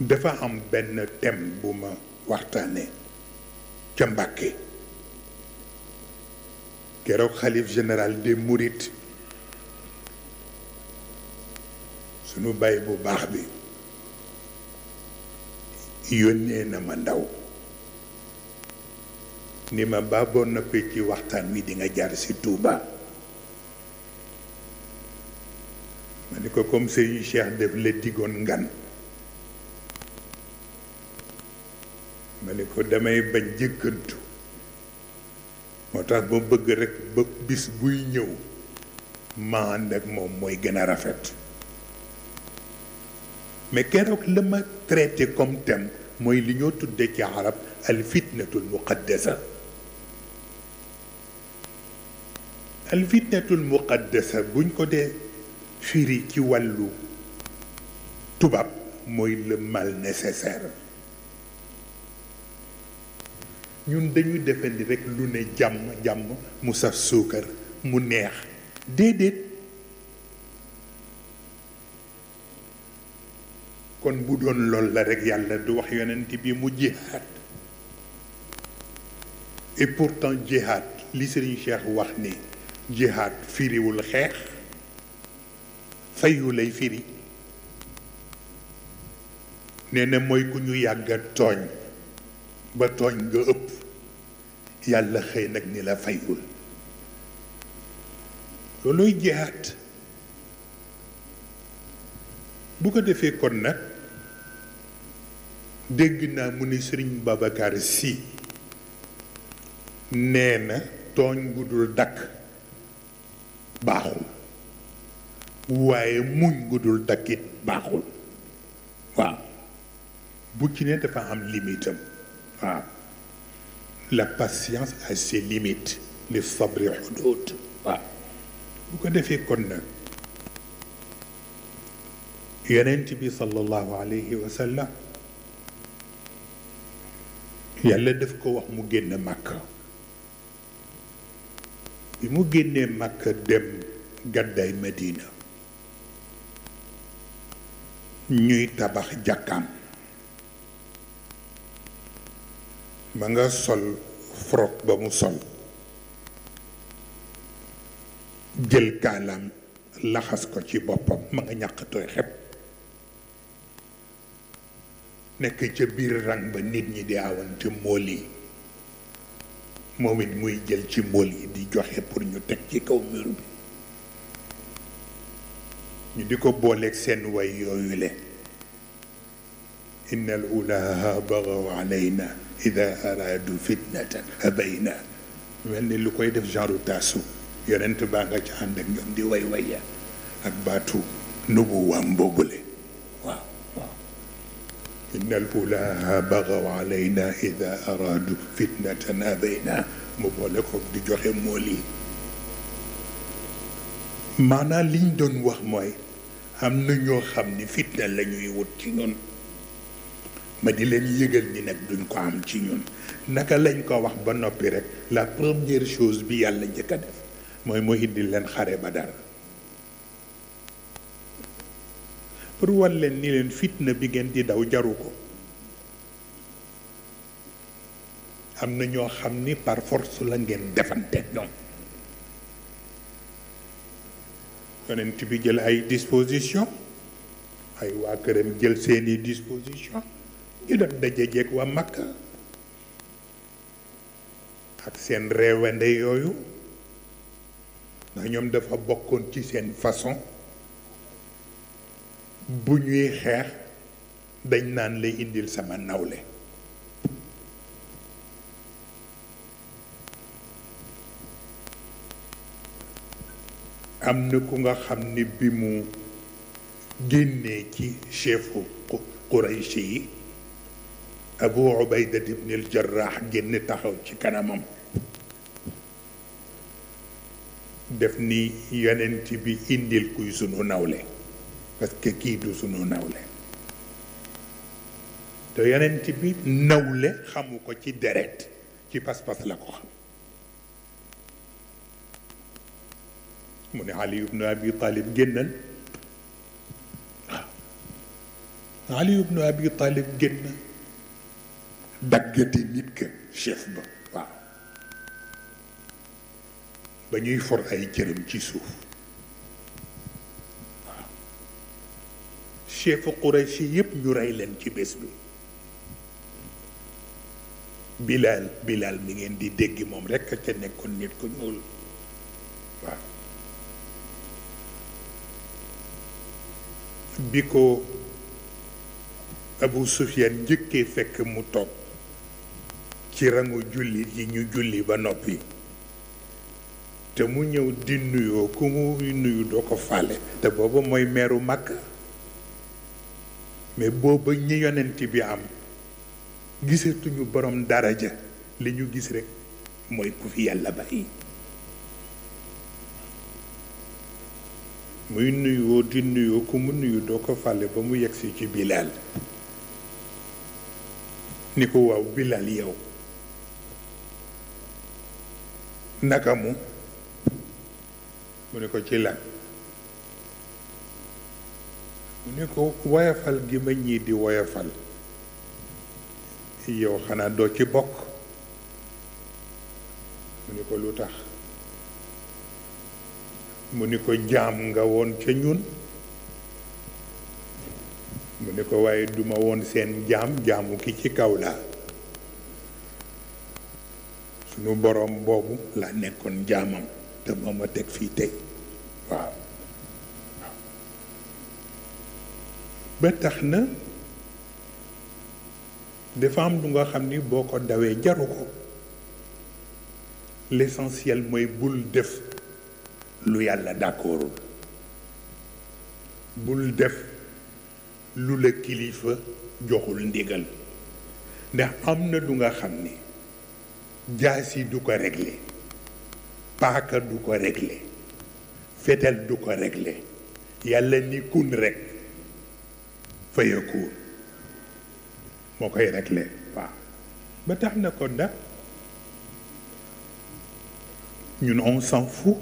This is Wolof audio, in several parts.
dafa am benn thème bu ma waxtaanee ca Mbàkke keroog xalif général des murit sunu baay bu baax bi yónnee na ma ndaw ni ma ba boo noppee ci waxtaan wi dinga nga jaar si Touba ma ni ko comme Serigne Cheikh def la digoon ngan ma ne ko damay bañ jëkkantu moo tax ma bëgg rek ba bis buy ñëw ma ànd ak moom mooy gën a rafet mais keroog la traité comme mooy li ñoo tudde ci arab al fitnatul muqaddasa al fitnatul muqaddasa buñ ko dee firi ci wàllu tubaab mooy le nécessaire ñun dañu defandi rekk lu ne jàmm jàmm mu saf suukar mu neex déedéet kon bu doon lool la rek yàlla du wax yonent bi mu jihaad et pourtant jihaad li Serigne Cheikh wax ni jihaad firiwul xeex fayu lay firi nee na mooy ku ñu yàgga tooñ ba tooñ nga ëpp yàlla xëy nag ni la fayul looluy jihaat bu ko defee kon nag dégg naa mu ni sëriñ Babacar Sy nee na tooñ bu dul dakk baaxul waaye muñ gu dul dakkit baaxul waaw bu ci ne dafa am limitam waaw la patience a ses limites li sabri xudud bu ko defee kon nag yonent bi sallallahu alayhi wa sallam yàlla daf ko wax mu génn màkk bi mu génnee makk dem gàddaay Medina ñuy tabax jàkkam ma nga sol froc ba mu sol jël kaalaam laxas ko ci boppam ma nga ñàkk tooy xepp nekk ca biir rang ba nit ñi di awante mool yi moom it muy jël ci mool yi di joxe pour ñu teg ci kaw mur ñu di ko booleeg seen way yooyu le inna al ulaha bagaw alayna ida araadu fitnatan abayna mel ni lu koy def genre taasu yonent baa nga ca ànd ak ñoom di way waya ak baatu nubuwaam boobule waaw waaw inna al ulaha bagaw araadu fitnatan abayna mu boole di joxe mool yi maanaam wax mooy am na ñoo xam ni fitna la ñuy wut ci ñun ma di leen yëgal ni nag duñ ko am ci ñun naka lañ ko wax ba noppi rek la première chose bi yàlla njëkk a def mooy mu indi leen xare ba dara pour wan leen ni leen fitna bi ngeen di daw jaru ko am na ñoo xam ni par force la ngeen defante ñoom yonent bi jël ay disposition ay waa këram jël seeni disposition ñu doon dajejeeg waa Makka ak seen réewande yooyu ndax ñoom dafa bokkoon ci seen façon bu ñuy xeex dañ naan lay indil sama nawle am na ku nga xam ni bi mu génnee ci chefu Quraysh yi abu ubaydat ibn al génn taxaw ci kanamam def ni yonent bi indil kuy sunu nawle parce que kii du sunu nawle te yonent bi nawle xamu ko ci deret ci pas-pas la ko xam mu ne ali ibnu abi talib génnal waaw ali abi talib génnal daggate nit ka chef ba waaw ba ñuy for ay cëram ci suuf waaw chefu Quraysh yépp ñu rey leen ci bés bi Bilal Bilal mi ngeen di dégg moom rekk a ca nekkoon nit ku ñuul waaw bi ko Abu Sufyaan njëkkee fekk mu toog ci rangu jullit yi ñu julli ba noppi te mu ñëw di nuyoo ku mu nuyu doo ko fàlle te booba mooy meeru màkk mais booba ñi yonent bi am gisatuñu borom daraja li ñu gis rekk mooy ku fi yàlla bàyyi muy nuyoo di nuyoo ku mu nuyu doo ko fàlle ba mu yegsi ci bilaal ni ko waaw bilaal yow naka mu mu ne ko ci lan mu ne ko woyafal gi ma ñii di woyafal yow xanaa doo ci bokk mu ni ko lu tax mu ni ko jaam nga woon ca ñun mu ni ko waaye duma woon seen jaam jaamu ki ci kaw laa sunu boroom boobu la nekkoon jaamam te moom ma teg fii tey waaw ba tax na dafa am lu nga xam ni boo ko dawee jaru ko l'essentiel mooy bul def lu yàlla d'accordul bul def lu la kilifa joxul ndigal ndax am na lu nga xam ni jaasi du ko réglé paaka du ko réglé fetel du ko réglé yàlla ni kun rek fayakuun moo koy réglé waaw ba tax na kon nag ñun on s'en fout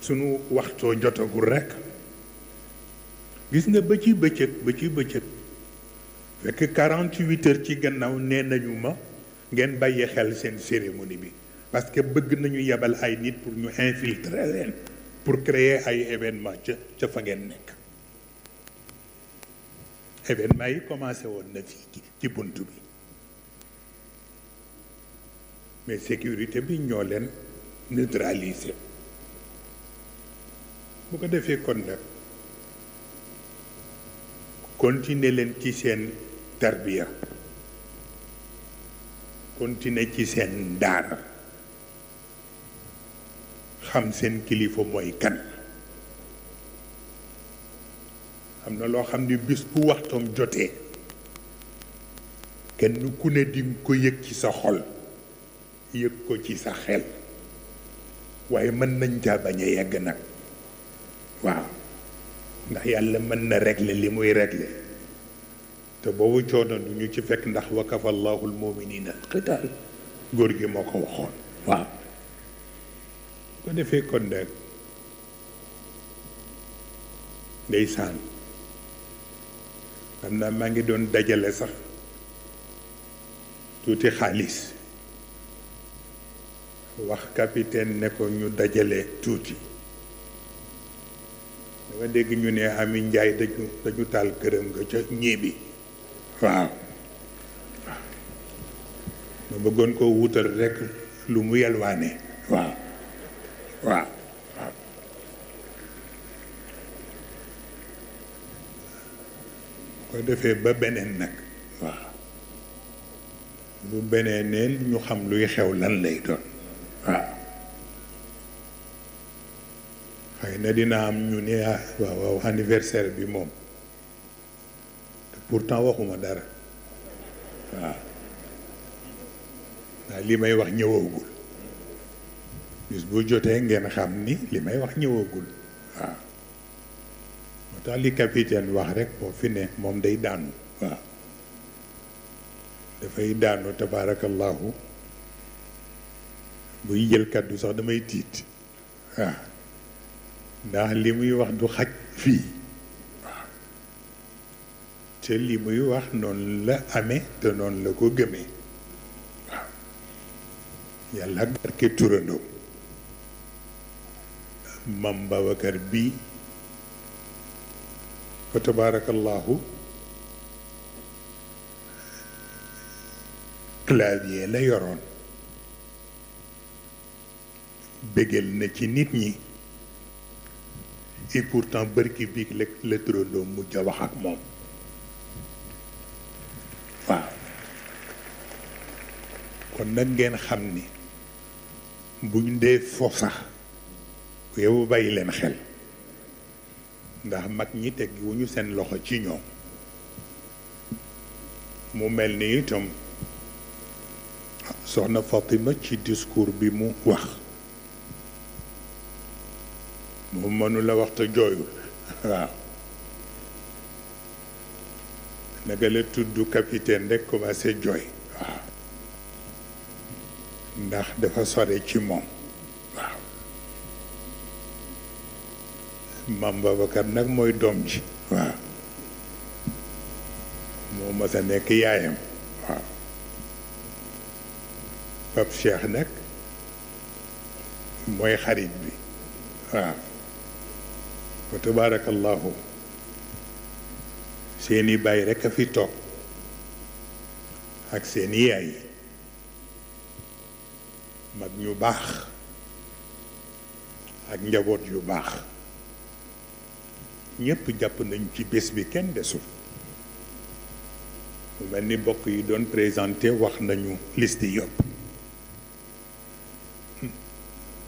sunu waxtoo jotagul rek gis nga ba ci bëccëg ba ci bëccëg fekk 48 heures ci gannaaw nee nañu ma ngeen bàyyi xel seen cérémonie bi parce que bëgg nañu yebal ay nit pour ñu infiltrer leen pour créer ay événement ca ca fa ngeen nekk événement yi commencé woon na fii ci bunt bi mais sécurité bi ñoo leen neutraliser bu ko defee kon nag leen ci seen tarbiya kontine ci seen daara xam seen kilifa mooy kan am na loo xam ni bis bu waxtoom jotee kenn ku ne di ko yëg ci sa xol yëg ko ci sa xel waaye mën nañ caa bañ a yegg nag waaw ndax yàlla mën na régler li muy régler te boobu coono du ñu ci fekk ndax wakafa allahu almuminina alqital góor gi moo ko waxoon waaw ko defee kon nag ndeysaan xam naa maa ngi doon dajale sax tuuti xaalis wax capitaine ne ko ñu dajale tuuti dama dégg ñu ne Ami Njaay dañu dañu taal këram nga ca ñii bi waaw ma bëggoon koo wutal rekk lu mu yalwaane waaw waaw waaw ko defee ba beneen nag waaw bu beneeneen ñu xam luy xew lan lay doon waaw xëy na dina am ñu ne ah, anniversaire bi moom pourtant waxuma dara waaw ndax li may wax ñëwagul bis bu jotee ngeen xam ni li may wax ñëwagul waaw moo tax li capitaine wax rek boo fi ne moom day daanu waaw dafay daanu tabaarakallaahu buy jël kàddu sax damay tiit waaw ndax li muy wax du xaj fii te li muy wax noonu la amee te noonu la ko gëmee waaw yàlla ak barke turandoom mam Babacar bii fa tabaarakallaahu clavier la yoroon bégal na ci nit ñi et pourtant barki la la mujj wax ak moom kon nag ngeen xam ni buñ dee fo sax yow bàyyi leen xel ndax mag ñi teg wu ñu seen loxo ci ñoom mu mel ni itam soxna Fatima ci discours bi mu wax mu mënula la wax te jooyul waaw naka la tudd capitaine rek commencé jooy ndax dafa sore ci moom waaw maam Babacar nag mooy doom ji waaw moo mas nekk yaayam waaw Pape Cheikh nag mooy xarit bi waaw wa tabaarakallaahu seeni baay rekk a fi toog ak seeni yaay mag ñu baax ak njaboot yu baax ñépp jàpp nañ ci bés bi kenn desu mu mel ni bokk yi doon présenté wax nañu liste yëpp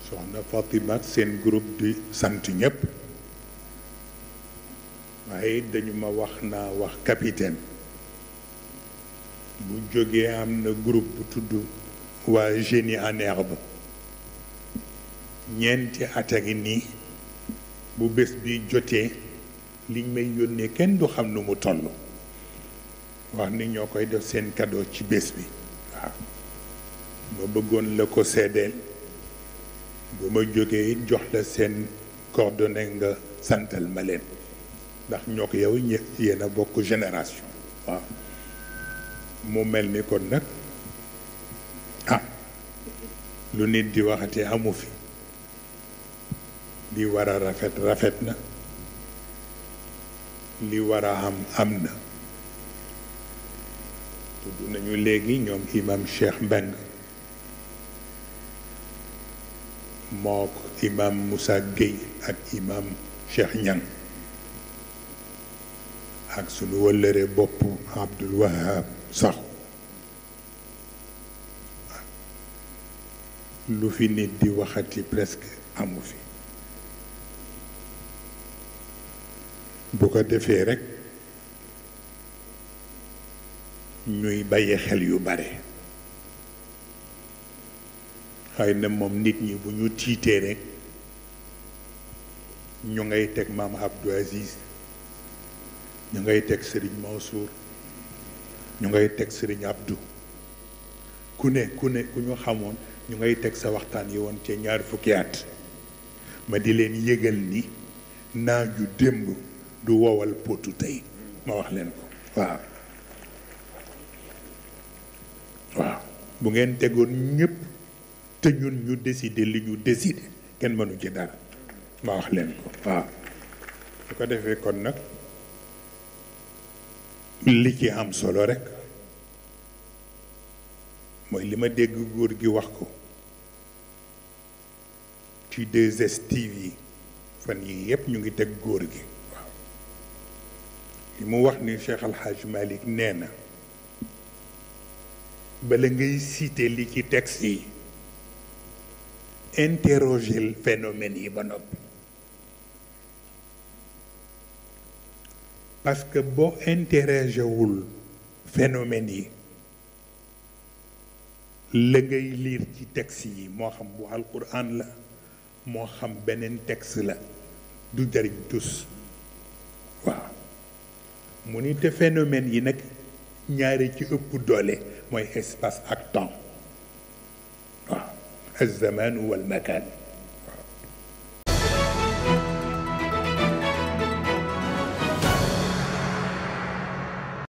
soxna Fatima ak seen groupe di sant ñépp waaye dañu ma wax naa wax capitaine bu jógee am na groupe bu tudd waa génie en herbe ñeenti at a ngi nii bu bés bi jotee liñ may yónnee kenn du xam nu mu toll wax ni ñoo koy def seen cadeau ci bés bi waaw ma bëggoon la ko seddeel bu ma jógee jox la seen cordone nga santal ma leen ndax ñoo ko yow ñë bokk génération waaw mu mel ni kon nag lu nit di waxate amu fi li war rafet rafet na li war a am am na tudd nañu léegi ñoom imam Cheikh Mbeng mook imam Moussa Gueye ak imam Cheikh Niang ak sunu wëllëre bopp Abdul Wahab Sakho lu fi nit di waxati presque amu fi bu ko defee rekk ñuy bàyyi xel yu bare xëy na moom nit ñi bu ñu tiitee rekk ñu ngay teg maam Abdou Aziz ñu ngay teg sëriñ Mansour ñu ngay teg sëriñ Abdou ku ne ku ne ku ñu xamoon ñu ngay teg sa waxtaan yi woon ca ñaari fukki at ma di leen yëgal ni naaju démb du wowal potu tey ma wax leen ko waaw bu ngeen tegoon ñëpp te ñun ñu décider li ñu décider kenn mënu ci dara ma wax leen ko waaw su ko defee kon nag li ci am solo rekk mooy li ma dégg góor gi wax ko ci 2STV yi fan yii yëpp ñu ngi teg góor gi li mu wax ni Cheikh Al Hadj nee na bala ngay cité li ci texte yi interroger phénomène yi ba noppi parce que boo interroger wul phénomène yi la ngay lire ci texte yi moo xam bu alquran la moo xam beneen texte la du jariñ tus waaw mu ni te phénomène yi nag ñaari ci ëpp doole mooy espace ak temps waaw az-zaman wal makan